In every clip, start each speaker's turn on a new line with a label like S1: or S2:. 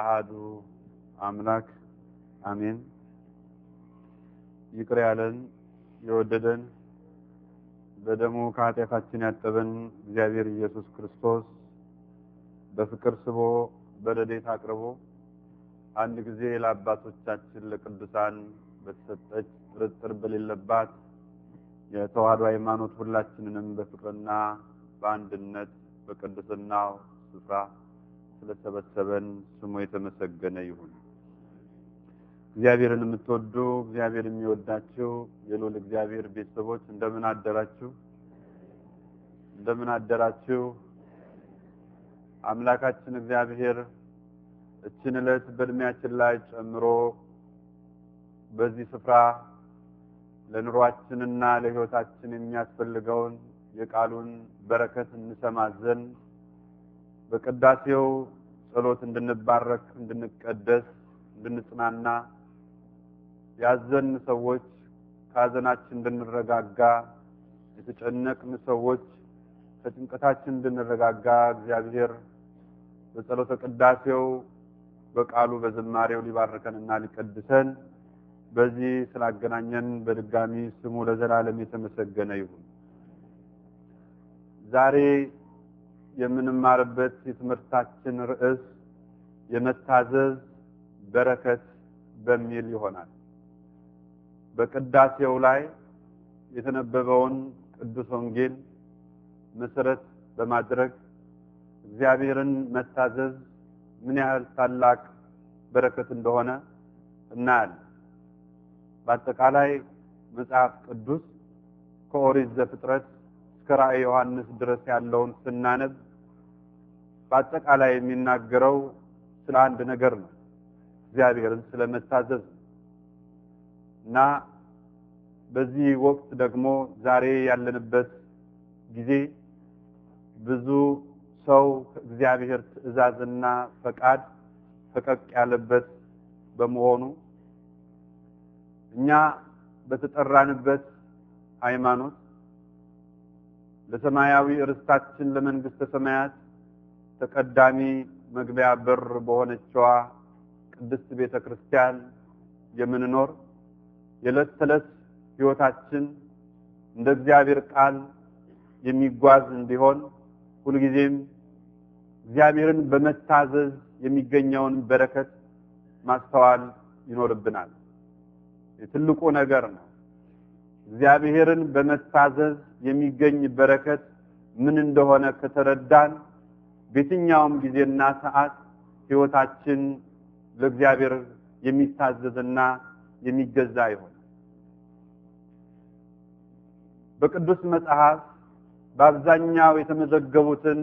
S1: አሃዱ አምላክ አሜን። ይቅር ያለን የወደደን በደሙ ከኃጢአታችን ያጠበን እግዚአብሔር ኢየሱስ ክርስቶስ በፍቅር ስቦ በደዴት አቅርቦ አንድ ጊዜ ለአባቶቻችን ለቅዱሳን በተሰጠች ጥርጥር በሌለባት የተዋህዶ ሃይማኖት ሁላችንንም በፍቅርና በአንድነት በቅድስናው ስፍራ ስለሰበሰበን ስሙ የተመሰገነ ይሁን። እግዚአብሔርን የምትወዱ እግዚአብሔር የሚወዳችሁ የልዑል እግዚአብሔር ቤተሰቦች እንደምን አደራችሁ? እንደምን አደራችሁ? አምላካችን እግዚአብሔር እችን ዕለት በእድሜያችን ላይ ጨምሮ በዚህ ስፍራ ለኑሯችንና ለሕይወታችን የሚያስፈልገውን የቃሉን በረከት እንሰማ ዘንድ በቅዳሴው ጸሎት እንድንባረክ፣ እንድንቀደስ፣ እንድንጽናና ያዘን ሰዎች ከሀዘናችን እንድንረጋጋ፣ የተጨነቅን ሰዎች ከጭንቀታችን እንድንረጋጋ እግዚአብሔር በጸሎተ ቅዳሴው በቃሉ በዝማሬው ሊባርከንና ሊቀድሰን በዚህ ስላገናኘን በድጋሚ ስሙ ለዘላለም የተመሰገነ ይሁን። ዛሬ የምንማርበት የትምህርታችን ርዕስ የመታዘዝ በረከት በሚል ይሆናል። በቅዳሴው ላይ የተነበበውን ቅዱስ ወንጌል መሰረት በማድረግ እግዚአብሔርን መታዘዝ ምን ያህል ታላቅ በረከት እንደሆነ እናያለን። በአጠቃላይ መጽሐፍ ቅዱስ ከኦሪት ዘፍጥረት እስከ ራእየ ዮሐንስ ድረስ ያለውን ስናነብ በአጠቃላይ የሚናገረው ስለ አንድ ነገር ነው። እግዚአብሔርን ስለመታዘዝ ነው እና በዚህ ወቅት ደግሞ ዛሬ ያለንበት ጊዜ ብዙ ሰው እግዚአብሔር ትእዛዝና ፈቃድ ፈቀቅ ያለበት በመሆኑ እኛ በተጠራንበት ሃይማኖት ለሰማያዊ ርስታችን ለመንግስተ ሰማያት ተቀዳሚ መግቢያ በር በሆነችዋ ቅድስት ቤተ ክርስቲያን የምንኖር የዕለት ተዕለት ሕይወታችን እንደ እግዚአብሔር ቃል የሚጓዝ እንዲሆን ሁልጊዜም እግዚአብሔርን በመታዘዝ የሚገኘውን በረከት ማስተዋል ይኖርብናል። የትልቁ ነገር ነው። እግዚአብሔርን በመታዘዝ የሚገኝ በረከት ምን እንደሆነ ከተረዳን በየትኛውም ጊዜና ሰዓት ህይወታችን ለእግዚአብሔር የሚታዘዝና የሚገዛ ይሆን። በቅዱስ መጽሐፍ በአብዛኛው የተመዘገቡትን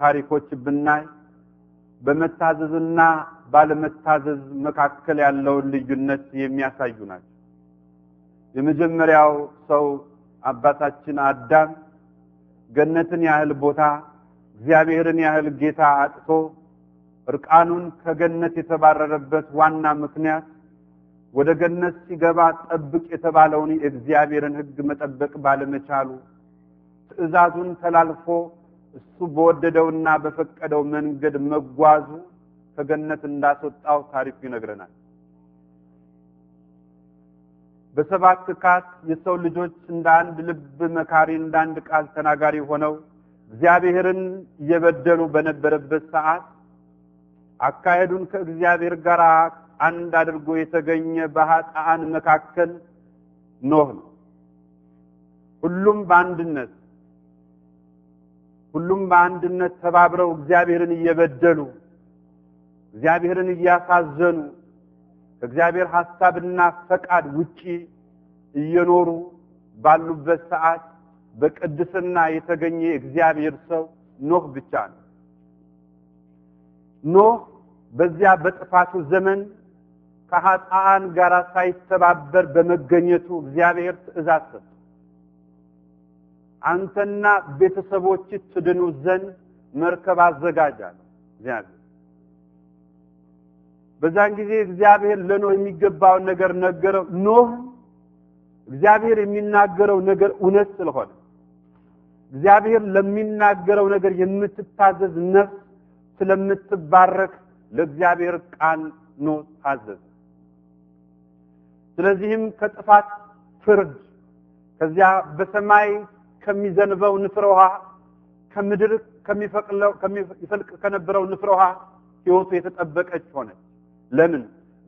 S1: ታሪኮች ብናይ በመታዘዝና ባለመታዘዝ መካከል ያለውን ልዩነት የሚያሳዩ ናቸው። የመጀመሪያው ሰው አባታችን አዳም ገነትን ያህል ቦታ እግዚአብሔርን ያህል ጌታ አጥቶ እርቃኑን ከገነት የተባረረበት ዋና ምክንያት ወደ ገነት ሲገባ ጠብቅ የተባለውን የእግዚአብሔርን ሕግ መጠበቅ ባለመቻሉ ትእዛዙን ተላልፎ እሱ በወደደውና በፈቀደው መንገድ መጓዙ ከገነት እንዳስወጣው ታሪኩ ይነግረናል። በሰባት ካት የሰው ልጆች እንደ አንድ ልብ መካሪ፣ እንደ አንድ ቃል ተናጋሪ ሆነው እግዚአብሔርን እየበደሉ በነበረበት ሰዓት አካሄዱን ከእግዚአብሔር ጋር አንድ አድርጎ የተገኘ በኃጥአን መካከል ኖህ ነው። ሁሉም በአንድነት ሁሉም በአንድነት ተባብረው እግዚአብሔርን እየበደሉ እግዚአብሔርን እያሳዘኑ ከእግዚአብሔር ሐሳብና ፈቃድ ውጪ እየኖሩ ባሉበት ሰዓት በቅድስና የተገኘ እግዚአብሔር ሰው ኖህ ብቻ ነው። ኖህ በዚያ በጥፋቱ ዘመን ከኃጥአን ጋር ሳይተባበር በመገኘቱ እግዚአብሔር ትእዛዝ ሰጠ። አንተና ቤተሰቦች ትድኑ ዘንድ መርከብ አዘጋጃል እግዚአብሔር። በዛን ጊዜ እግዚአብሔር ለኖህ የሚገባውን ነገር ነገረው። ኖህ እግዚአብሔር የሚናገረው ነገር እውነት ስለሆነ እግዚአብሔር ለሚናገረው ነገር የምትታዘዝ ነፍስ ስለምትባረክ ለእግዚአብሔር ቃል ነው ታዘዝ። ስለዚህም ከጥፋት ፍርድ ከዚያ በሰማይ ከሚዘንበው ንፍረ ውሃ ከምድር ከሚፈልቅ ከነበረው ንፍረ ውሃ ሕይወቱ የተጠበቀች ሆነች። ለምን?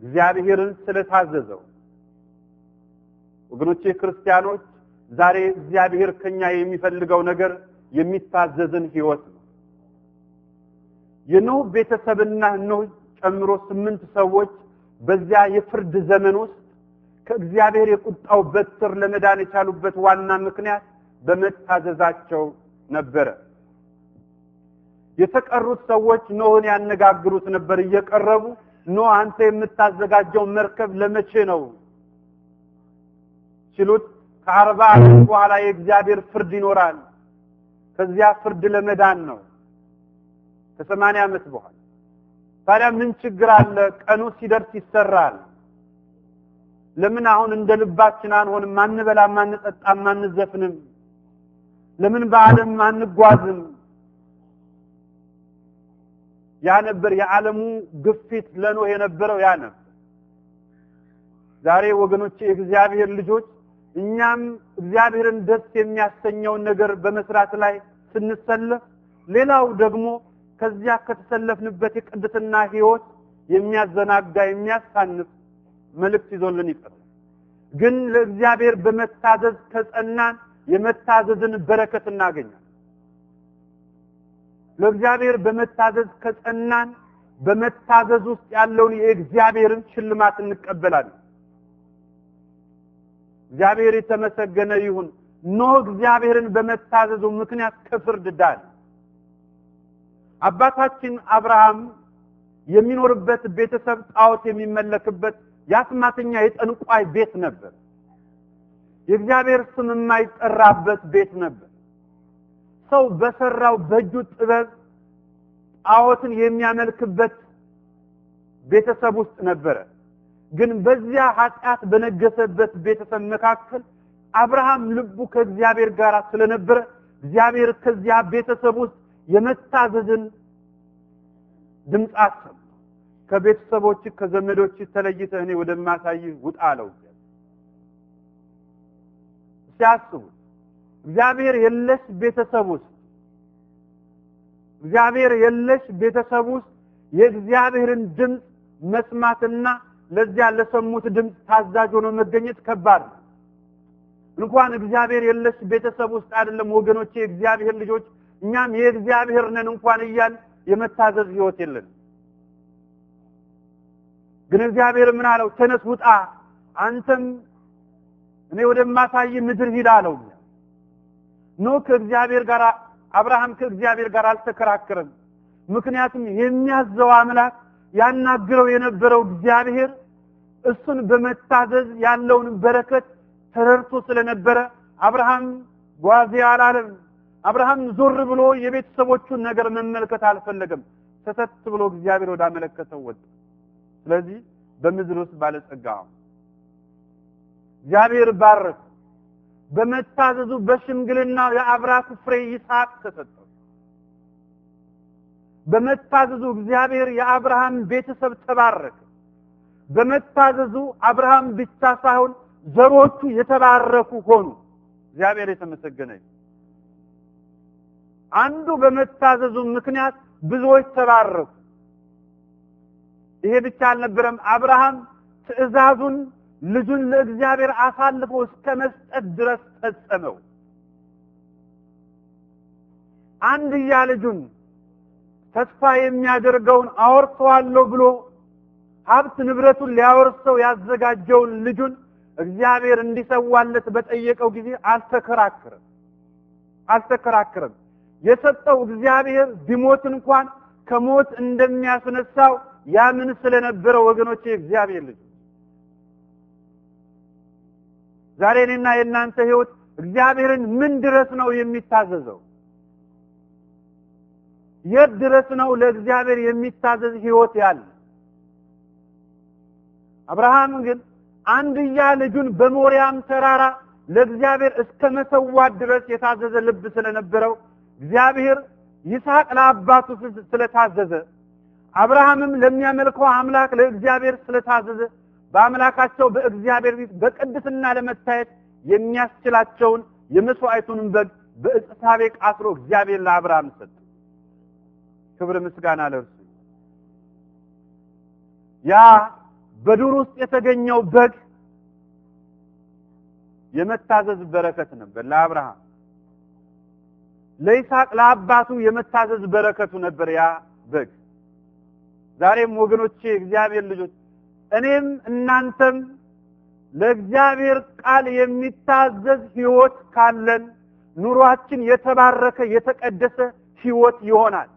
S1: እግዚአብሔርን ስለታዘዘው። ወገኖቼ ክርስቲያኖች ዛሬ እግዚአብሔር ከኛ የሚፈልገው ነገር የሚታዘዝን ህይወት ነው። የኖህ ቤተሰብና ኖህ ጨምሮ ስምንት ሰዎች በዚያ የፍርድ ዘመን ውስጥ ከእግዚአብሔር የቁጣው በትር ለመዳን የቻሉበት ዋና ምክንያት በመታዘዛቸው ነበረ። የተቀሩት ሰዎች ኖህን ያነጋግሩት ነበር እየቀረቡ ኖህ አንተ የምታዘጋጀው መርከብ ለመቼ ነው ሲሉት ከአርባ ቀን በኋላ የእግዚአብሔር ፍርድ ይኖራል። ከዚያ ፍርድ ለመዳን ነው። ከሰማንያ ዓመት በኋላ ታዲያ ምን ችግር አለ? ቀኑ ሲደርስ ይሰራል። ለምን አሁን እንደ ልባችን አንሆንም? ማንበላም፣ ማንጠጣም፣ ማንዘፍንም? ለምን በዓለም ማንጓዝም? ያ ነበር የዓለሙ ግፊት ለኖህ የነበረው ያ ነበር። ዛሬ ወገኖቼ የእግዚአብሔር ልጆች እኛም እግዚአብሔርን ደስ የሚያሰኘውን ነገር በመስራት ላይ ስንሰለፍ፣ ሌላው ደግሞ ከዚያ ከተሰለፍንበት የቅድስና ህይወት የሚያዘናጋ የሚያሳንፍ መልእክት ይዞልን ይቀር። ግን ለእግዚአብሔር በመታዘዝ ከጸናን የመታዘዝን በረከት እናገኛለን። ለእግዚአብሔር በመታዘዝ ከጸናን በመታዘዝ ውስጥ ያለውን የእግዚአብሔርን ሽልማት እንቀበላለን። እግዚአብሔር የተመሰገነ ይሁን። ኖህ እግዚአብሔርን በመታዘዙ ምክንያት ከፍርድ ዳን። አባታችን አብርሃም የሚኖርበት ቤተሰብ ጣዖት የሚመለክበት የአስማተኛ የጠንቋይ ቤት ነበር። የእግዚአብሔር ስም የማይጠራበት ቤት ነበር። ሰው በሰራው በእጁ ጥበብ ጣዖትን የሚያመልክበት ቤተሰብ ውስጥ ነበረ። ግን በዚያ ኃጢአት በነገሰበት ቤተሰብ መካከል አብርሃም ልቡ ከእግዚአብሔር ጋር ስለነበረ እግዚአብሔር ከዚያ ቤተሰብ ውስጥ የመታዘዝን ድምፅ አሰማ። ከቤተሰቦች ከዘመዶች ተለይተ እኔ ወደማሳይ ውጣ አለው። ሲያስቡ እግዚአብሔር የለሽ ቤተሰብ ውስጥ እግዚአብሔር የለሽ ቤተሰብ ውስጥ የእግዚአብሔርን ድምፅ መስማትና ለዚያ ለሰሙት ድምፅ ታዛዥ ሆኖ መገኘት ከባድ እንኳን እግዚአብሔር የለሽ ቤተሰብ ውስጥ አይደለም ወገኖቼ፣ የእግዚአብሔር ልጆች እኛም የእግዚአብሔር ነን እንኳን እያል የመታዘዝ ህይወት የለን። ግን እግዚአብሔር ምን አለው? ተነስ ውጣ፣ አንተም እኔ ወደማሳይ ምድር ሂድ አለው። ኖህ ከእግዚአብሔር ጋር አብርሃም ከእግዚአብሔር ጋር አልተከራከረም። ምክንያቱም የሚያዘው አምላክ ያናግረው የነበረው እግዚአብሔር እሱን በመታዘዝ ያለውን በረከት ተረድቶ ስለነበረ አብርሃም ጓዜ አላለም። አብርሃም ዞር ብሎ የቤተሰቦቹን ነገር መመልከት አልፈለገም። ሰተት ብሎ እግዚአብሔር ወዳመለከተው ወጣ። ስለዚህ በምድር ውስጥ ባለጸጋ እግዚአብሔር ባረከ። በመታዘዙ በሽምግልና የአብራኩ ፍሬ ይስሐቅ ተሰጠው። በመታዘዙ እግዚአብሔር የአብርሃም ቤተሰብ ተባረከ። በመታዘዙ አብርሃም ብቻ ሳይሆን ዘሮቹ የተባረኩ ሆኑ። እግዚአብሔር የተመሰገነ አንዱ በመታዘዙ ምክንያት ብዙዎች ተባረኩ። ይሄ ብቻ አልነበረም። አብርሃም ትዕዛዙን ልጁን ለእግዚአብሔር አሳልፎ እስከ መስጠት ድረስ ፈጸመው። አንድያ ልጁን ተስፋ የሚያደርገውን አወርሰዋለሁ ብሎ ሀብት ንብረቱን ሊያወርሰው ያዘጋጀውን ልጁን እግዚአብሔር እንዲሰዋለት በጠየቀው ጊዜ አልተከራከረም አልተከራከረም። የሰጠው እግዚአብሔር ቢሞት እንኳን ከሞት እንደሚያስነሳው ያምን ስለነበረ ወገኖቼ እግዚአብሔር ልጅ ዛሬ እኔና የእናንተ ህይወት እግዚአብሔርን ምን ድረስ ነው የሚታዘዘው? የት ድረስ ነው ለእግዚአብሔር የሚታዘዝ ህይወት ያለ? አብርሃም ግን አንድያ ልጁን በሞሪያም ተራራ ለእግዚአብሔር እስከ መሰዋት ድረስ የታዘዘ ልብ ስለነበረው እግዚአብሔር ይስሐቅ ለአባቱ ስለታዘዘ አብርሃምም ለሚያመልከው አምላክ ለእግዚአብሔር ስለታዘዘ በአምላካቸው በእግዚአብሔር ፊት በቅድስና ለመታየት የሚያስችላቸውን የመስዋዕቱንም በግ በዕፀ ሳቤቅ አስሮ እግዚአብሔር ለአብርሃም ሰጠ። ክብር ምስጋና ለእርሱ ያ በዱር ውስጥ የተገኘው በግ የመታዘዝ በረከት ነበር ለአብርሃም ለይስሐቅ ለአባቱ የመታዘዝ በረከቱ ነበር ያ በግ። ዛሬም ወገኖቼ እግዚአብሔር ልጆች፣ እኔም እናንተም ለእግዚአብሔር ቃል የሚታዘዝ ህይወት ካለን ኑሯችን የተባረከ የተቀደሰ ህይወት ይሆናል።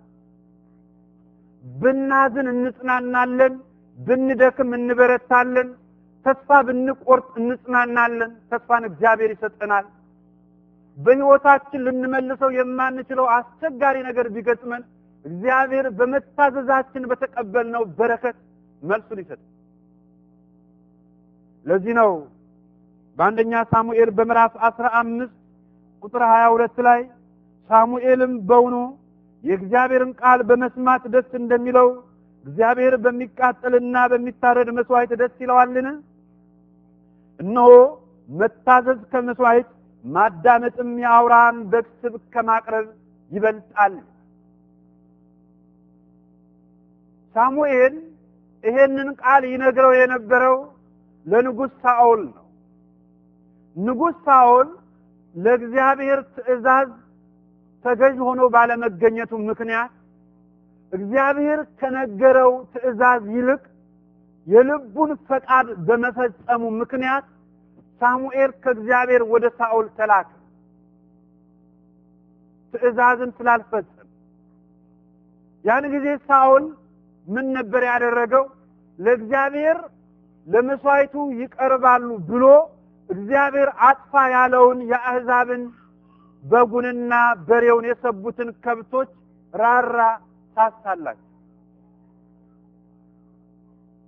S1: ብናዝን እንጽናናለን፣ ብንደክም እንበረታለን፣ ተስፋ ብንቆርጥ እንጽናናለን፣ ተስፋን እግዚአብሔር ይሰጠናል። በሕይወታችን ልንመልሰው የማንችለው አስቸጋሪ ነገር ቢገጥመን እግዚአብሔር በመታዘዛችን በተቀበልነው በረከት መልሱን ይሰጥ። ለዚህ ነው በአንደኛ ሳሙኤል በምዕራፍ አስራ አምስት ቁጥር ሀያ ሁለት ላይ ሳሙኤልም በውኑ የእግዚአብሔርን ቃል በመስማት ደስ እንደሚለው እግዚአብሔር በሚቃጠልና በሚታረድ መስዋዕት ደስ ይለዋልን? እነሆ መታዘዝ ከመስዋዕት ማዳመጥም የአውራን በግ ከማቅረብ ይበልጣል። ሳሙኤል ይሄንን ቃል ይነግረው የነበረው ለንጉሥ ሳኦል ነው። ንጉሥ ሳኦል ለእግዚአብሔር ትእዛዝ ተገዥ ሆኖ ባለመገኘቱ ምክንያት እግዚአብሔር ከነገረው ትእዛዝ ይልቅ የልቡን ፈቃድ በመፈጸሙ ምክንያት ሳሙኤል ከእግዚአብሔር ወደ ሳኦል ተላከ። ትእዛዝን ስላልፈጸም ያን ጊዜ ሳኦል ምን ነበር ያደረገው? ለእግዚአብሔር ለመስዋይቱ ይቀርባሉ ብሎ እግዚአብሔር አጥፋ ያለውን የአሕዛብን በጉንና በሬውን የሰቡትን ከብቶች ራራ ታስታላችሁ።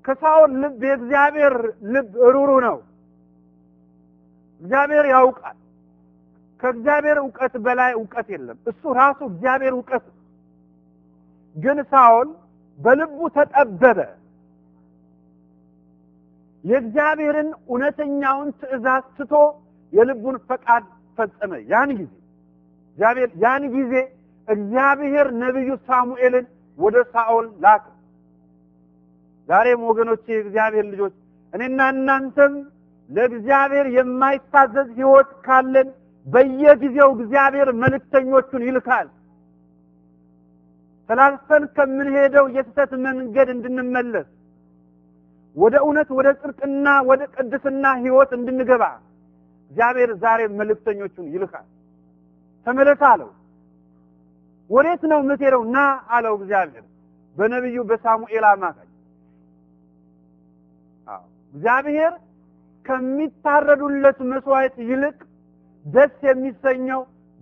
S1: ከሳውል ልብ የእግዚአብሔር ልብ ሩሩ ነው። እግዚአብሔር ያውቃል። ከእግዚአብሔር እውቀት በላይ እውቀት የለም። እሱ ራሱ እግዚአብሔር እውቀት ነው። ግን ሳውል በልቡ ተጠበበ። የእግዚአብሔርን እውነተኛውን ትእዛዝ ትቶ የልቡን ፈቃድ ፈጸመ። ያን ጊዜ እግዚአብሔር ያን ጊዜ እግዚአብሔር ነቢዩ ሳሙኤልን ወደ ሳኦል ላከ። ዛሬም ወገኖቼ የእግዚአብሔር ልጆች እኔና እናንተም ለእግዚአብሔር የማይታዘዝ ሕይወት ካለን በየጊዜው እግዚአብሔር መልእክተኞቹን ይልካል። ተላልፈን ከምንሄደው የስህተት መንገድ እንድንመለስ ወደ እውነት፣ ወደ ጽድቅና ወደ ቅድስና ሕይወት እንድንገባ እግዚአብሔር ዛሬ መልእክተኞቹን ይልካል። ተመለስ አለው። ወዴት ነው የምትሄደው? ና አለው እግዚአብሔር በነቢዩ በሳሙኤል አማካኝ። እግዚአብሔር ከሚታረዱለት መስዋዕት ይልቅ ደስ የሚሰኘው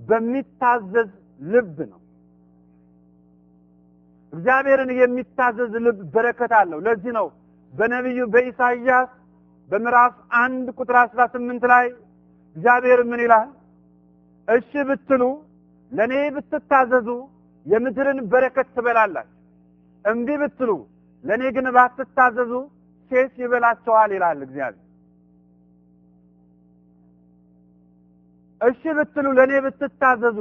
S1: በሚታዘዝ ልብ ነው። እግዚአብሔርን የሚታዘዝ ልብ በረከት አለው። ለዚህ ነው በነቢዩ በኢሳይያስ በምዕራፍ አንድ ቁጥር አስራ ስምንት ላይ እግዚአብሔር ምን ይላል? እሺ ብትሉ ለእኔ ብትታዘዙ የምድርን በረከት ትበላላችሁ፣ እምቢ ብትሉ ለእኔ ግን ባትታዘዙ ሴት ይበላቸዋል ይላል እግዚአብሔር። እሺ ብትሉ ለእኔ ብትታዘዙ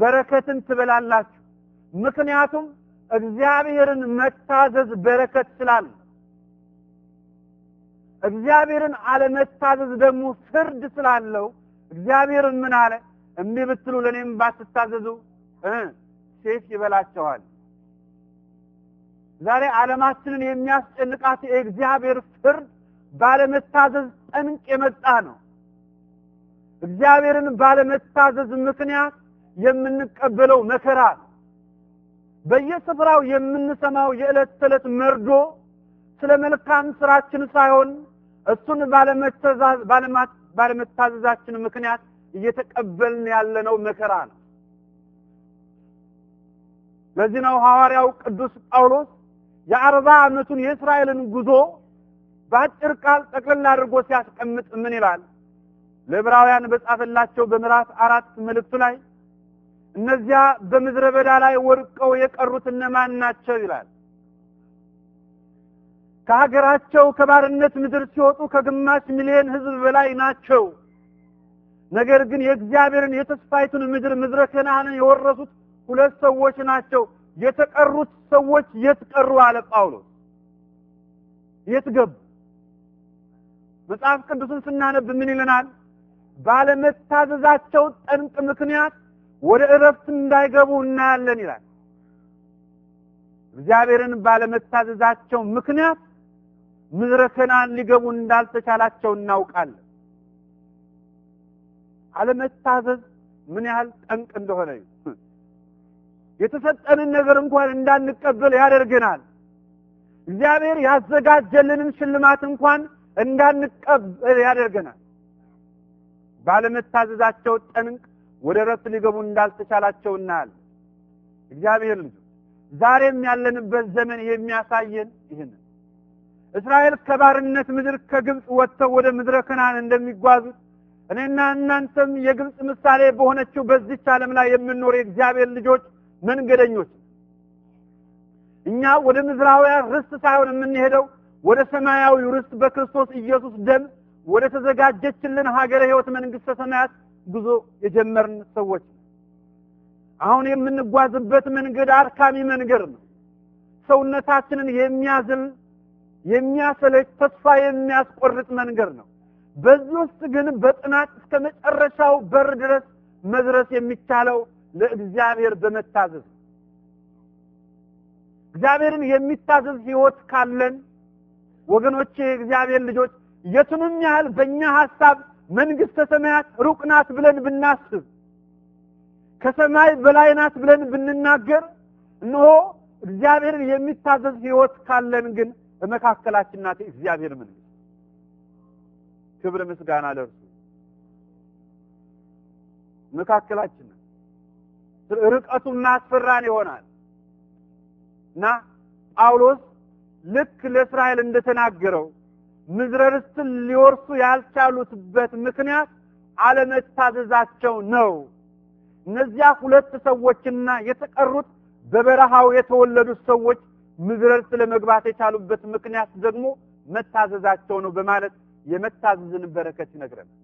S1: በረከትን ትበላላችሁ። ምክንያቱም እግዚአብሔርን መታዘዝ በረከት ስላለ፣ እግዚአብሔርን አለመታዘዝ ደግሞ ፍርድ ስላለው እግዚአብሔርን ምን አለ? እምቢ ብትሉ ለእኔም ባትታዘዙ ሴፍ ይበላቸዋል። ዛሬ ዓለማችንን የሚያስጨንቃት የእግዚአብሔር ፍርድ ባለመታዘዝ ጠንቅ የመጣ ነው። እግዚአብሔርን ባለመታዘዝ ምክንያት የምንቀበለው መከራ ነው። በየስፍራው የምንሰማው የዕለት ተዕለት መርዶ ስለ መልካም ስራችን ሳይሆን እሱን ባለመታዘዛችን ምክንያት እየተቀበልን ያለነው መከራ ነው። ለዚህ ነው ሐዋርያው ቅዱስ ጳውሎስ የአርባ ዓመቱን የእስራኤልን ጉዞ በአጭር ቃል ጠቅልላ አድርጎ ሲያስቀምጥ ምን ይላል? ለዕብራውያን በጻፈላቸው በምዕራፍ አራት መልእክቱ ላይ እነዚያ በምድረ በዳ ላይ ወድቀው የቀሩት እነማን ናቸው ይላል። ከሀገራቸው ከባርነት ምድር ሲወጡ ከግማሽ ሚሊዮን ሕዝብ በላይ ናቸው። ነገር ግን የእግዚአብሔርን የተስፋይቱን ምድር ምድረ ከነዓንን የወረሱት ሁለት ሰዎች ናቸው። የተቀሩት ሰዎች የት ቀሩ አለ ጳውሎስ። የት ገቡ? መጽሐፍ ቅዱስን ስናነብ ምን ይለናል? ባለመታዘዛቸው ጠንቅ ምክንያት ወደ እረፍት እንዳይገቡ እናያለን ይላል። እግዚአብሔርን ባለመታዘዛቸው ምክንያት ምድረ ከነዓን ሊገቡ እንዳልተቻላቸው እናውቃለን። አለመታዘዝ ምን ያህል ጠንቅ እንደሆነ የተሰጠንን ነገር እንኳን እንዳንቀበል ያደርገናል። እግዚአብሔር ያዘጋጀልንን ሽልማት እንኳን እንዳንቀበል ያደርገናል። ባለመታዘዛቸው ጠንቅ ወደ ረፍት ሊገቡ እንዳልተቻላቸው እናያለን። እግዚአብሔር ልጁ ዛሬም ያለንበት ዘመን የሚያሳየን ይህን እስራኤል ከባርነት ምድር ከግብፅ ወጥተው ወደ ምድረ ከናን እንደሚጓዙት እኔና እናንተም የግብፅ ምሳሌ በሆነችው በዚች ዓለም ላይ የምንኖር የእግዚአብሔር ልጆች መንገደኞች እኛ ወደ ምድራውያን ርስት ሳይሆን የምንሄደው ወደ ሰማያዊ ርስት በክርስቶስ ኢየሱስ ደም ወደ ተዘጋጀችልን ሀገረ ሕይወት መንግሥተ ሰማያት ጉዞ የጀመርን ሰዎች አሁን የምንጓዝበት መንገድ አድካሚ መንገድ ነው። ሰውነታችንን የሚያዝል የሚያሰለች፣ ተስፋ የሚያስቆርጥ መንገድ ነው። በዚህ ውስጥ ግን በጥናት እስከ መጨረሻው በር ድረስ መድረስ የሚቻለው ለእግዚአብሔር በመታዘዝ እግዚአብሔርን የሚታዘዝ ህይወት ካለን ወገኖቼ፣ እግዚአብሔር ልጆች የቱንም ያህል በእኛ ሀሳብ መንግሥተ ሰማያት ሩቅ ናት ብለን ብናስብ ከሰማይ በላይ ናት ብለን ብንናገር እነሆ እግዚአብሔርን የሚታዘዝ ህይወት ካለን ግን በመካከላችን ናት እግዚአብሔር መንግሥት። ክብር ምስጋና ለርሱ መካከላችን ርቀቱ የሚያስፈራን ይሆናል እና ጳውሎስ ልክ ለእስራኤል እንደተናገረው ምድረ ርስትን ሊወርሱ ያልቻሉትበት ምክንያት አለመታዘዛቸው ነው። እነዚያ ሁለት ሰዎችና የተቀሩት በበረሃው የተወለዱት ሰዎች ምድረ ርስት ለመግባት የቻሉበት ምክንያት ደግሞ መታዘዛቸው ነው በማለት የመታዘዝን በረከት ይነግረናል።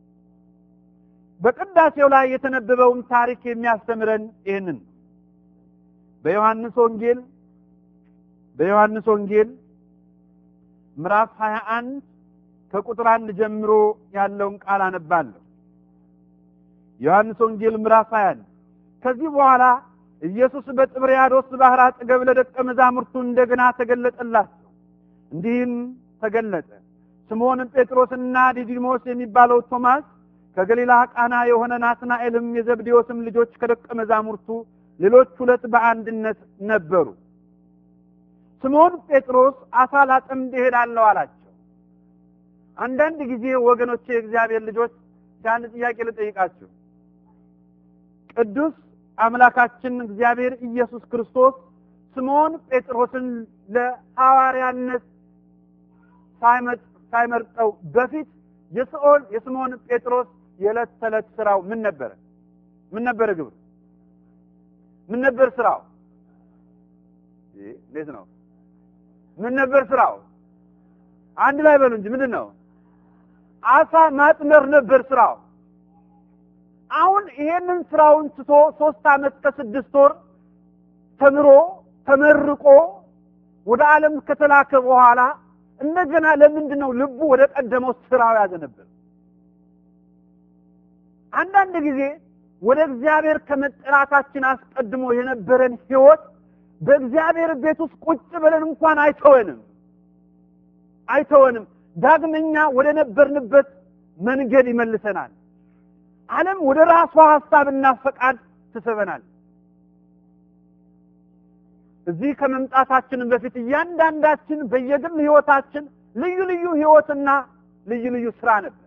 S1: በቅዳሴው ላይ የተነበበውም ታሪክ የሚያስተምረን ይህንን ነው። በዮሐንስ ወንጌል በዮሐንስ ወንጌል ምዕራፍ 21 ከቁጥር አንድ ጀምሮ ያለውን ቃል አነባለሁ። ዮሐንስ ወንጌል ምዕራፍ 21 ከዚህ በኋላ ኢየሱስ በጥብርያዶስ ባህር አጠገብ ለደቀ መዛሙርቱ እንደገና ተገለጠላቸው፣ እንዲህም ተገለጠ ስምዖን ጴጥሮስና ዲዲሞስ የሚባለው ቶማስ ከገሊላ ቃና የሆነ ናትናኤልም የዘብዴዎስም ልጆች ከደቀ መዛሙርቱ ሌሎች ሁለት በአንድነት ነበሩ ስምዖን ጴጥሮስ አሳ ላጠምድ እሄዳለሁ አላቸው አንዳንድ ጊዜ ወገኖቼ የእግዚአብሔር ልጆች አንድ ጥያቄ ልጠይቃችሁ ቅዱስ አምላካችን እግዚአብሔር ኢየሱስ ክርስቶስ ስምዖን ጴጥሮስን ለሐዋርያነት ሳይመጥ ሳይመርጠው በፊት የስኦል የስምዖን ጴጥሮስ የዕለት ተዕለት ስራው ምን ነበረ? ምን ነበረ ግብሩ? ምን ነበር ስራው? እንዴት ነው? ምን ነበር ስራው? አንድ ላይ በሉ እንጂ ምንድን ነው? አሳ ማጥመር ነበር ስራው። አሁን ይሄንን ስራውን ትቶ ሶስት አመት ከስድስት ወር ተምሮ ተመርቆ ወደ ዓለም ከተላከ በኋላ እንደገና ለምንድን ነው ልቡ ወደ ቀደመው ስራው ያዘነበለ? አንዳንድ ጊዜ ወደ እግዚአብሔር ከመጠራታችን አስቀድሞ የነበረን ህይወት በእግዚአብሔር ቤት ውስጥ ቁጭ ብለን እንኳን አይተወንም አይተወንም። ዳግመኛ ወደ ነበርንበት መንገድ ይመልሰናል። ዓለም ወደ ራሷ ሀሳብና ፈቃድ ትስበናል። እዚህ ከመምጣታችን በፊት እያንዳንዳችን በየግል ህይወታችን ልዩ ልዩ ህይወትና ልዩ ልዩ ስራ ነበር።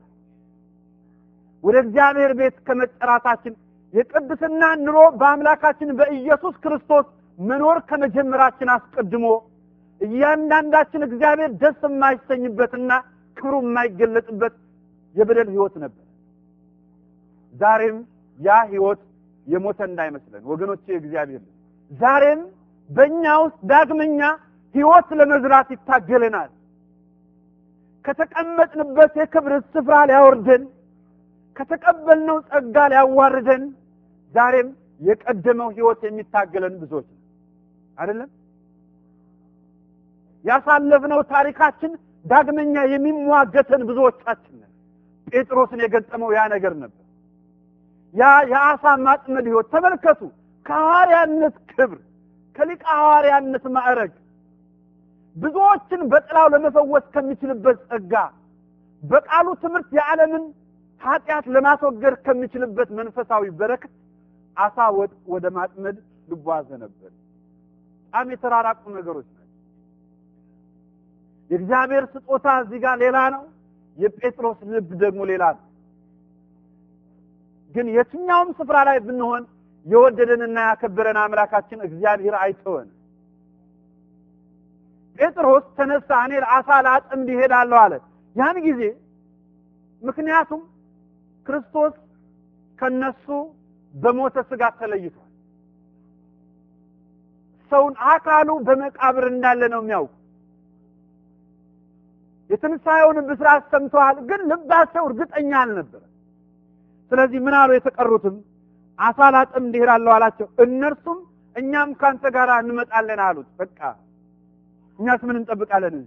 S1: ወደ እግዚአብሔር ቤት ከመጠራታችን የቅድስና ኑሮ በአምላካችን በኢየሱስ ክርስቶስ መኖር ከመጀመራችን አስቀድሞ እያንዳንዳችን እግዚአብሔር ደስ የማይሰኝበትና ክብሩ የማይገለጥበት የበደል ህይወት ነበር። ዛሬም ያ ህይወት የሞተ እንዳይመስለን ወገኖቼ፣ እግዚአብሔር ዛሬም በእኛ ውስጥ ዳግመኛ ህይወት ለመዝራት ይታገለናል። ከተቀመጥንበት የክብር ስፍራ ሊያወርደን፣ ከተቀበልነው ጸጋ ሊያዋርደን ዛሬም የቀደመው ህይወት የሚታገለን ብዙዎች ነው አይደለም። ያሳለፍነው ታሪካችን ዳግመኛ የሚሟገተን ብዙዎቻችን ነን። ጴጥሮስን የገጠመው ያ ነገር ነበር። ያ የአሳ ማጥመድ ህይወት ተመልከቱ፣ ከሐዋርያነት ክብር ከሊቀ ሐዋርያነት ማዕረግ ብዙዎችን በጥላው ለመፈወስ ከሚችልበት ጸጋ በቃሉ ትምህርት የዓለምን ኃጢአት ለማስወገድ ከሚችልበት መንፈሳዊ በረከት አሳ ወጥ ወደ ማጥመድ ልቡ አዘነበለ። በጣም የተራራቁ ነገሮች ናቸው። የእግዚአብሔር ስጦታ እዚህ ጋር ሌላ ነው፣ የጴጥሮስ ልብ ደግሞ ሌላ ነው። ግን የትኛውም ስፍራ ላይ ብንሆን የወደደንና ያከበረን አምላካችን እግዚአብሔር አይተወን። ጴጥሮስ ተነሳ፣ እኔ ለአሳ ላጥምድ እሄዳለሁ አለ። ያን ጊዜ ምክንያቱም ክርስቶስ ከነሱ በሞተ ስጋት ተለይቷል። ሰውን አካሉ በመቃብር እንዳለ ነው የሚያውቁ። የትንሣኤውን ብስራት ሰምተዋል፣ ግን ልባቸው እርግጠኛ አልነበረ። ስለዚህ ምን አሉ የተቀሩትም አሳ ላጥም እንዲሄዳለሁ አላቸው። እነርሱም እኛም ከአንተ ጋር እንመጣለን አሉት። በቃ እኛስ ምን እንጠብቃለን?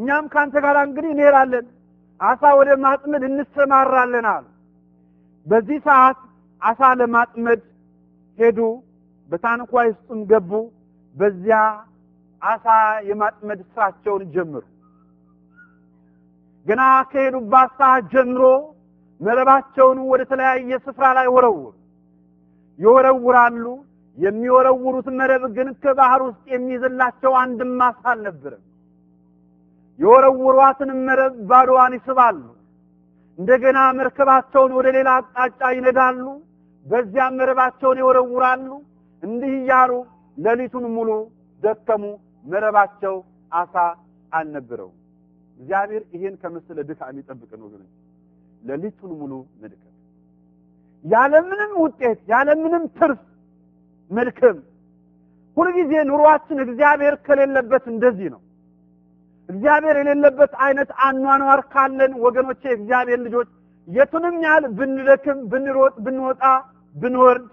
S1: እኛም ከአንተ ጋር እንግዲህ እንሄዳለን፣ አሳ ወደ ማጥመድ እንሰማራለን አሉ። በዚህ ሰዓት አሳ ለማጥመድ ሄዱ። በታንኳይ ውስጥም ገቡ። በዚያ አሳ የማጥመድ ስራቸውን ጀምሩ። ገና ከሄዱባት ሰዓት ጀምሮ መረባቸውን ወደ ተለያየ ስፍራ ላይ ወረውሩ ይወረውራሉ። የሚወረውሩት መረብ ግን ከባህር ውስጥ የሚይዝላቸው አንድም አሳ አልነበረም። የወረውሯትን መረብ ባዶዋን ይስባሉ። እንደገና መርከባቸውን ወደ ሌላ አቅጣጫ ይነዳሉ። በዚያም መረባቸውን ይወረውራሉ። እንዲህ እያሉ ሌሊቱን ሙሉ ደከሙ። መረባቸው አሳ አልነበረው። እግዚአብሔር ይህን ከመሰለ ድካም ይጠብቀን ወገኖች። ሌሊቱን ሙሉ መድከም፣ ያለምንም ውጤት ያለምንም ትርፍ መድከም። ሁልጊዜ ኑሯችን እግዚአብሔር ከሌለበት እንደዚህ ነው። እግዚአብሔር የሌለበት አይነት አኗኗር ካለን ወገኖቼ፣ እግዚአብሔር ልጆች የቱንም ያህል ብንደክም፣ ብንሮጥ፣ ብንወጣ፣ ብንወርድ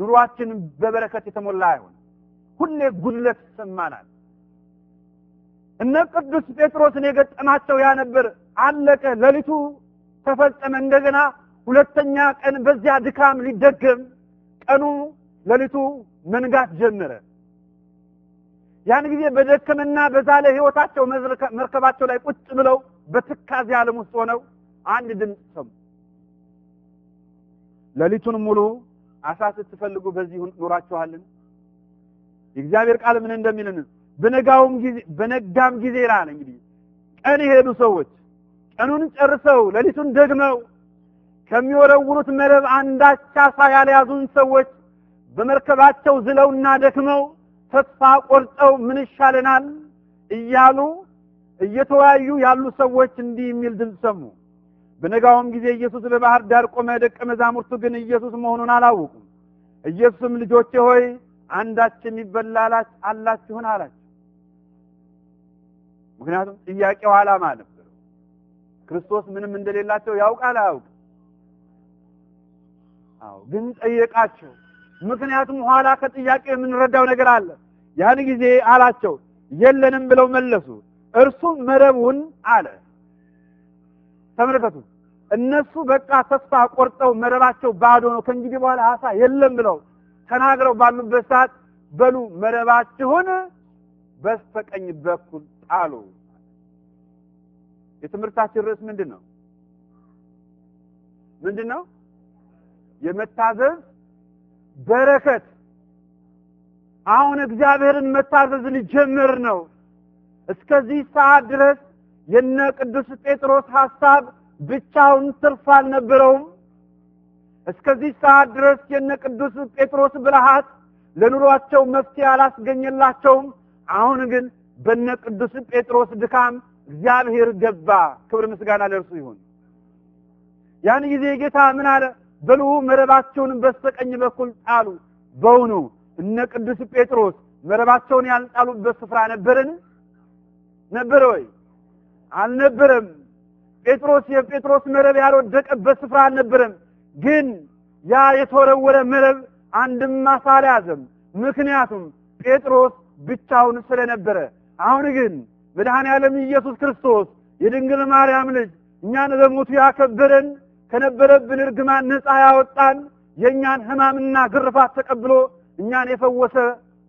S1: ኑሯችን በበረከት የተሞላ አይሆን። ሁሌ ጉድለት ይሰማናል። እነ ቅዱስ ጴጥሮስን የገጠማቸው ያ ነበር። አለቀ ሌሊቱ ተፈጸመ። እንደገና ሁለተኛ ቀን በዚያ ድካም ሊደገም ቀኑ ሌሊቱ መንጋት ጀመረ። ያን ጊዜ በደከመና በዛለ ሕይወታቸው መርከባቸው ላይ ቁጭ ብለው በትካዜ ዓለም ውስጥ ሆነው አንድ ድምፅ ሰሙ። ሌሊቱን ሙሉ አሳ ስትፈልጉ በዚህ ኑራችኋልን? የእግዚአብሔር ቃል ምን እንደሚልን በነጋውም ጊዜ በነጋም ጊዜ ይላል። እንግዲህ ቀን የሄዱ ሰዎች ቀኑን ጨርሰው ሌሊቱን ደግመው ከሚወረውሩት መረብ አንዳች ዓሣ ያልያዙን ሰዎች በመርከባቸው ዝለውና ደክመው ተስፋ ቆርጠው ምን ይሻለናል እያሉ እየተወያዩ ያሉ ሰዎች እንዲህ የሚል ድምፅ ሰሙ። በነጋውም ጊዜ ኢየሱስ በባህር ዳር ቆመ። ደቀ መዛሙርቱ ግን ኢየሱስ መሆኑን አላወቁም። ኢየሱስም ልጆቼ ሆይ አንዳች የሚበላላች አላችሁን አላቸው። ምክንያቱም ጥያቄው ዓላማ ነው። ክርስቶስ ምንም እንደሌላቸው ያውቃል አያውቅ? አዎ፣ ግን ጠየቃቸው። ምክንያቱም ኋላ ከጥያቄ የምንረዳው ነገር አለ። ያን ጊዜ አላቸው የለንም ብለው መለሱ። እርሱም መረቡን አለ። ተመልከቱ፣ እነሱ በቃ ተስፋ ቆርጠው መረባቸው ባዶ ነው፣ ከእንግዲህ በኋላ አሳ የለም ብለው ተናግረው ባሉበት ሰዓት በሉ መረባችሁን በስተቀኝ በኩል ጣሉ። የትምህርታችን ርዕስ ምንድን ነው? ምንድን ነው? የመታዘዝ በረከት። አሁን እግዚአብሔርን መታዘዝ ሊጀምር ነው። እስከዚህ ሰዓት ድረስ የነ ቅዱስ ጴጥሮስ ሐሳብ ብቻውን ትርፍ አልነበረውም። እስከዚህ ሰዓት ድረስ የነ ቅዱስ ጴጥሮስ ብልሃት ለኑሯቸው መፍትሄ አላስገኘላቸውም። አሁን ግን በነ ቅዱስ ጴጥሮስ ድካም እግዚአብሔር ገባ። ክብር ምስጋና ለእርሱ ይሁን። ያን ጊዜ ጌታ ምን አለ? በሉ መረባቸውን በስተቀኝ በኩል ጣሉ። በውኑ እነ ቅዱስ ጴጥሮስ መረባቸውን ያልጣሉበት ስፍራ ነበረን? ነበረ ወይ? አልነበረም። ጴጥሮስ የጴጥሮስ መረብ ያልወደቀበት ስፍራ አልነበረም። ግን ያ የተወረወረ መረብ አንድም አሳ አልያዘም። ምክንያቱም ጴጥሮስ ብቻውን ስለነበረ። አሁን ግን መድኃኔ ዓለም ኢየሱስ ክርስቶስ የድንግል ማርያም ልጅ እኛን በሞቱ ያከበረን ከነበረብን እርግማን ነፃ ያወጣን የእኛን ሕማምና ግርፋት ተቀብሎ እኛን የፈወሰ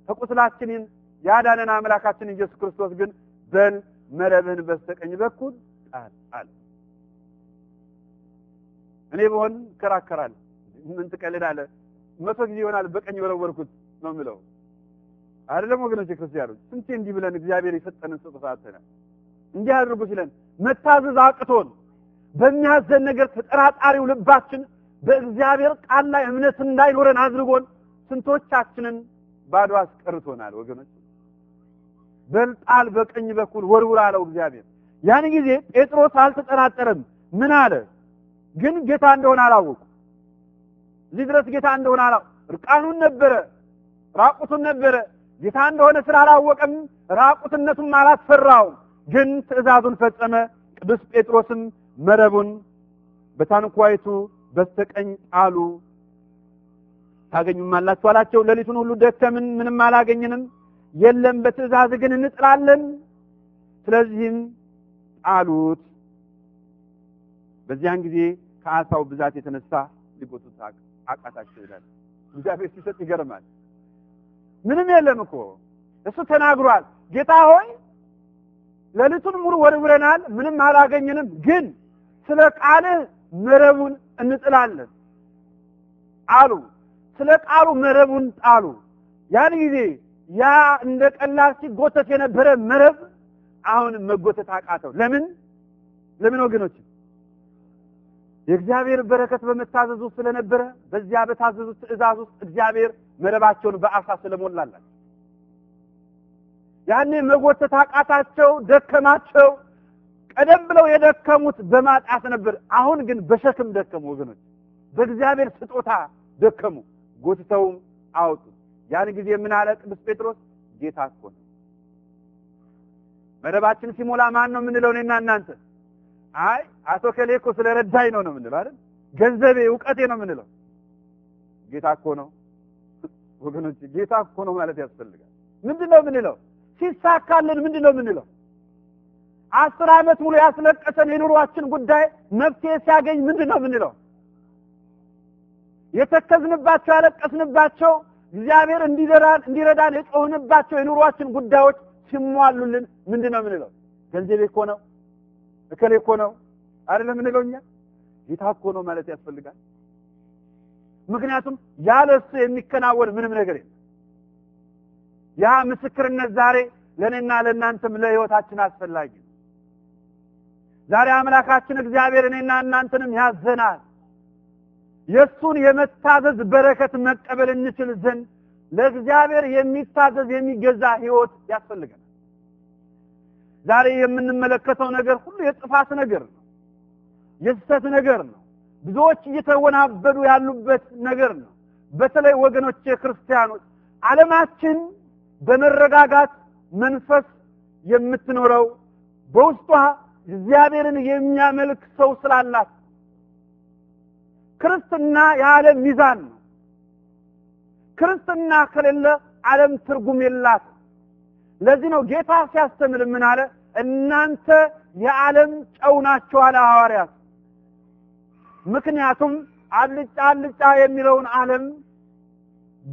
S1: ተቁስላችንን ያዳነን አምላካችን ኢየሱስ ክርስቶስ ግን በል መረብህን በስተቀኝ በኩል ጣል አለ። እኔ በሆን እከራከራለሁ። ምን ትቀልዳለህ? መቶ ጊዜ ይሆናል በቀኝ ወረወርኩት ነው የምለው። አይደለም ወገኖቼ ክርስቲያኖች፣ ስንቴ እንዲህ ብለን እግዚአብሔር የሰጠንን ስጦታ አጥተናል። እንዲህ አድርጉ ሲለን መታዘዝ አቅቶን በሚያዘን ነገር ተጠራጣሪው ልባችን በእግዚአብሔር ቃል ላይ እምነት እንዳይኖረን አድርጎን ስንቶቻችንን ባዶ አስቀርቶናል ወገኖች። በልጣል በቀኝ በኩል ወርውር አለው እግዚአብሔር። ያን ጊዜ ጴጥሮስ አልተጠራጠረም። ምን አለ? ግን ጌታ እንደሆነ አላወቁ። እዚህ ድረስ ጌታ እንደሆነ አላ እርቃኑን ነበረ፣ ራቁቱን ነበረ ጌታ እንደሆነ ስላላወቀም ራቁትነቱም አላስፈራው፣ ግን ትእዛዙን ፈጸመ። ቅዱስ ጴጥሮስም መረቡን በታንኳይቱ በስተቀኝ ጣሉ። አላችሁ አላቸው። ሌሊቱን ሁሉ ደከምን፣ ምንም አላገኘንም። የለም በትእዛዝ ግን እንጥላለን። ስለዚህም ጣሉት። በዚያን ጊዜ ከአሳው ብዛት የተነሳ ሊጎቱት አቃታቸው ይላል። እግዚአብሔር ሲሰጥ ይገርማል። ምንም የለም እኮ እሱ ተናግሯል። ጌታ ሆይ ሌሊቱን ሙሉ ወርውረናል፣ ምንም አላገኘንም፣ ግን ስለ ቃልህ መረቡን እንጥላለን አሉ። ስለ ቃሉ መረቡን ጣሉ። ያን ጊዜ ያ እንደ ቀላል ሲጎተት የነበረ መረብ አሁን መጎተት አቃተው። ለምን ለምን ወገኖች? የእግዚአብሔር በረከት በመታዘዙ ስለነበረ በዚያ በታዘዙ ትእዛዝ ውስጥ እግዚአብሔር መረባቸውን በአሳ ስለሞላላቸው ያኔ መጎተት አቃታቸው፣ ደከማቸው። ቀደም ብለው የደከሙት በማጣት ነበር። አሁን ግን በሸክም ደከሙ ወገኖች፣ በእግዚአብሔር ስጦታ ደከሙ። ጎትተውም አወጡ። ያን ጊዜ ምን አለ ቅዱስ ጴጥሮስ? ጌታ እኮ ነው። መረባችን ሲሞላ ማን ነው የምንለው? እኔና እናንተ። አይ አቶ ከሌ እኮ ስለረዳኝ ነው ነው የምንለው አይደል? ገንዘቤ እውቀቴ ነው የምንለው። ጌታ እኮ ነው ወገኖች ጌታ እኮ ነው ማለት ያስፈልጋል። ምንድን ነው የምንለው? ሲሳካልን ምንድን ነው የምንለው? አስር ዓመት ሙሉ ያስለቀሰን የኑሯችን ጉዳይ መፍትሄ ሲያገኝ ምንድን ነው የምንለው? የተከዝንባቸው ያለቀስንባቸው እግዚአብሔር እንዲረዳን እንዲረዳን የጮህንባቸው የኑሯችን ጉዳዮች ሲሟሉልን ምንድን ነው የምንለው? ገንዘቤ እኮ ነው እከሌ እኮ ነው አይደለም የምንለው እኛ ጌታ እኮ ነው ማለት ያስፈልጋል። ምክንያቱም ያለ እሱ የሚከናወን ምንም ነገር የለም። ያ ምስክርነት ዛሬ ለእኔና ለእናንተም ለህይወታችን አስፈላጊ ነው። ዛሬ አምላካችን እግዚአብሔር እኔና እናንተንም ያዘናል። የእሱን የመታዘዝ በረከት መቀበል እንችል ዘንድ ለእግዚአብሔር የሚታዘዝ የሚገዛ ህይወት ያስፈልገናል። ዛሬ የምንመለከተው ነገር ሁሉ የጥፋት ነገር ነው፣ የስህተት ነገር ነው። ብዙዎች እየተወናበዱ ያሉበት ነገር ነው። በተለይ ወገኖች ክርስቲያኖች፣ ዓለማችን በመረጋጋት መንፈስ የምትኖረው በውስጧ እግዚአብሔርን የሚያመልክ ሰው ስላላት። ክርስትና የዓለም ሚዛን ነው። ክርስትና ከሌለ ዓለም ትርጉም የላት። ለዚህ ነው ጌታ ሲያስተምር ምን አለ? እናንተ የዓለም ጨው ናችሁ አለ ሐዋርያት ምክንያቱም አልጫ አልጫ የሚለውን ዓለም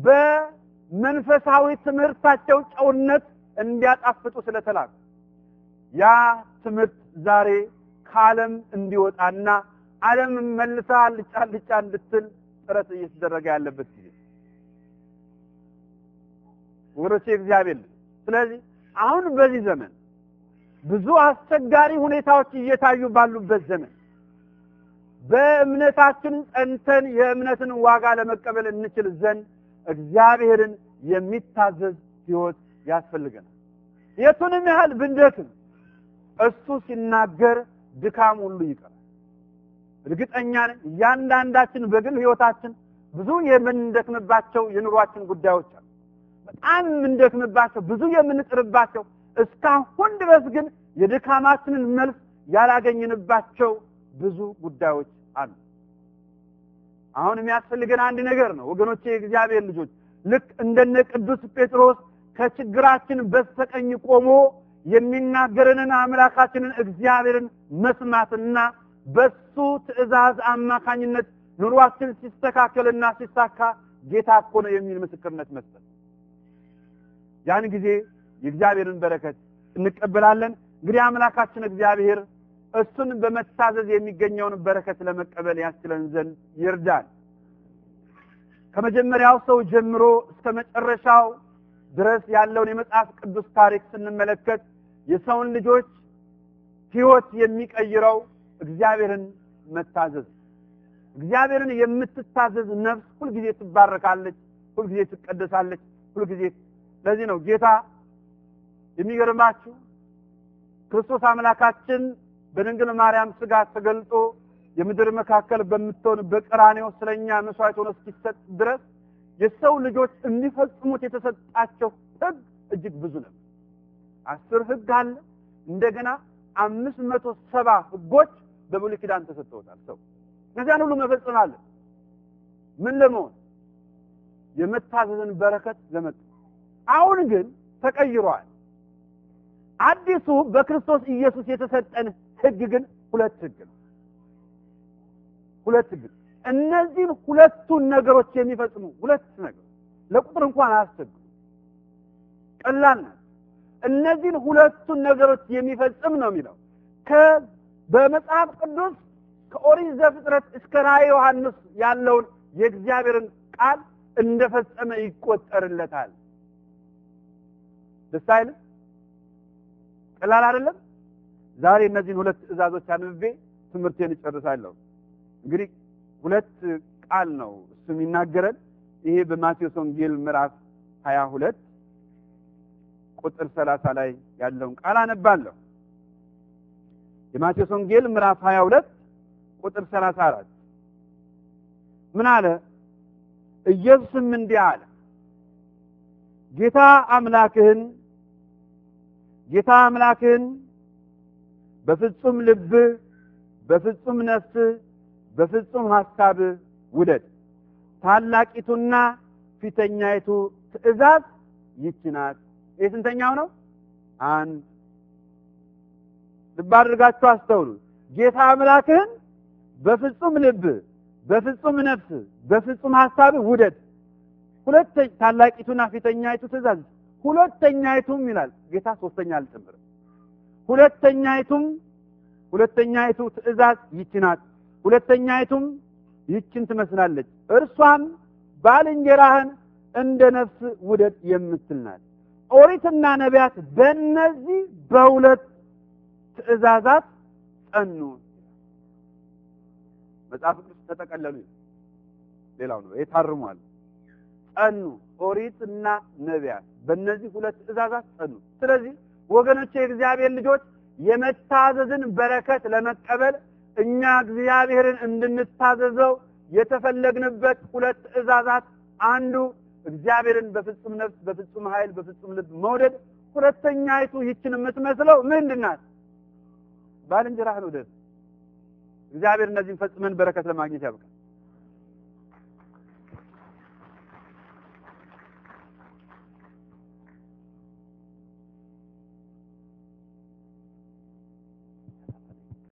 S1: በመንፈሳዊ ትምህርታቸው ጨውነት እንዲያጣፍጡ ስለተላኩ ያ ትምህርት ዛሬ ከዓለም እንዲወጣና ዓለም መልሳ አልጫ አልጫ እንድትል ጥረት እየተደረገ ያለበት ጊዜ ወገኖቼ እግዚአብሔር ስለዚህ አሁን በዚህ ዘመን ብዙ አስቸጋሪ ሁኔታዎች እየታዩ ባሉበት ዘመን በእምነታችን ጸንተን የእምነትን ዋጋ ለመቀበል እንችል ዘንድ እግዚአብሔርን የሚታዘዝ ሕይወት ያስፈልገናል። የቱንም ያህል ብንደክም እሱ ሲናገር ድካም ሁሉ ይቀራል። እርግጠኛ እያንዳንዳችን በግል ሕይወታችን ብዙ የምንደክምባቸው የኑሯችን ጉዳዮች አሉ። በጣም የምንደክምባቸው ብዙ የምንጥርባቸው እስካሁን ድረስ ግን የድካማችንን መልስ ያላገኝንባቸው ብዙ ጉዳዮች አሉ። አሁን የሚያስፈልገን አንድ ነገር ነው ወገኖቼ፣ የእግዚአብሔር ልጆች ልክ እንደነ ቅዱስ ጴጥሮስ ከችግራችን በስተቀኝ ቆሞ የሚናገረንን አምላካችንን እግዚአብሔርን መስማትና በሱ ትእዛዝ አማካኝነት ኑሯችን ሲስተካከልና ሲሳካ ጌታ እኮ ነው የሚል ምስክርነት መስጠት። ያን ጊዜ የእግዚአብሔርን በረከት እንቀበላለን። እንግዲህ አምላካችን እግዚአብሔር እሱን በመታዘዝ የሚገኘውን በረከት ለመቀበል ያስችለን ዘንድ ይርዳል። ከመጀመሪያው ሰው ጀምሮ እስከ መጨረሻው ድረስ ያለውን የመጽሐፍ ቅዱስ ታሪክ ስንመለከት የሰውን ልጆች ሕይወት የሚቀይረው እግዚአብሔርን መታዘዝ። እግዚአብሔርን የምትታዘዝ ነፍስ ሁልጊዜ ትባረካለች፣ ሁልጊዜ ትቀደሳለች፣ ሁልጊዜ ለዚህ ነው ጌታ የሚገርማችሁ ክርስቶስ አምላካችን በድንግል ማርያም ስጋ ተገልጦ የምድር መካከል በምትሆን በቀራንዮ ስለኛ መስዋዕት ሆኖ እስኪሰጥ ድረስ የሰው ልጆች እንዲፈጽሙት የተሰጣቸው ህግ እጅግ ብዙ ነው። አስር ህግ አለ። እንደገና አምስት መቶ ሰባ ህጎች በብሉይ ኪዳን ተሰጥተውታል። ሰው እነዚያን ሁሉ መፈጸም አለ። ምን ለመሆን የመታዘዝን በረከት ለመጥ አሁን ግን ተቀይሯል። አዲሱ በክርስቶስ ኢየሱስ የተሰጠን ህግ ግን ሁለት ህግ ነው ሁለት ህግ እነዚህን ሁለቱን ነገሮች የሚፈጽሙ ሁለት ነገሮች ለቁጥር እንኳን አያስቸግሩ ቀላል ነው እነዚህን ሁለቱን ነገሮች የሚፈጽም ነው የሚለው በመጽሐፍ ቅዱስ ከኦሪት ዘፍጥረት እስከ ራእየ ዮሐንስ ያለውን የእግዚአብሔርን ቃል እንደፈጸመ ይቆጠርለታል። ደስ አይልም? ቀላል አይደለም። ዛሬ እነዚህን ሁለት ትእዛዞች አንብቤ ትምህርቴን እጨርሳለሁ። እንግዲህ ሁለት ቃል ነው እሱ የሚናገረን። ይሄ በማቴዎስ ወንጌል ምዕራፍ ሀያ ሁለት ቁጥር ሰላሳ ላይ ያለውን ቃል አነባለሁ። የማቴዎስ ወንጌል ምዕራፍ ሀያ ሁለት ቁጥር ሰላሳ አራት ምን አለ? ኢየሱስም እንዲህ አለ፣ ጌታ አምላክህን ጌታ አምላክህን በፍጹም ልብ በፍጹም ነፍስ በፍጹም ሐሳብ ውደድ። ታላቂቱና ፊተኛይቱ ትእዛዝ ይቺ ናት። ይህ ስንተኛው ነው? አንድ። ልብ አድርጋችሁ አስተውሉ። ጌታ አምላክህን በፍጹም ልብ በፍጹም ነፍስ በፍጹም ሐሳብ ውደድ። ሁለተኛ ታላቂቱና ፊተኛይቱ ትእዛዝ ሁለተኛይቱም ይላል ጌታ ሶስተኛ አልጨምርም። ሁለተኛይቱም ሁለተኛይቱ ትእዛዝ ይቺ ናት። ሁለተኛይቱም ይችን ትመስላለች። እርሷም ባልንጀራህን እንደ ነፍስ ውደድ የምትል ናት። ኦሪትና ነቢያት በእነዚህ በሁለት ትእዛዛት ጸኑ። መጽሐፍ ቅዱስ ተጠቀለሉ። ሌላው ነው የታርሟል። ጸኑ ኦሪትና ነቢያት በእነዚህ ሁለት ትእዛዛት ጸኑ። ስለዚህ ወገኖች የእግዚአብሔር ልጆች የመታዘዝን በረከት ለመቀበል እኛ እግዚአብሔርን እንድንታዘዘው የተፈለግንበት ሁለት ትእዛዛት አንዱ እግዚአብሔርን በፍጹም ነፍስ፣ በፍጹም ኃይል፣ በፍጹም ልብ መውደድ፣ ሁለተኛይቱ ይችን የምትመስለው ምንድን ናት? ባልንጀራህን ውደድ። እግዚአብሔር እነዚህን ፈጽመን በረከት ለማግኘት ያብቃል።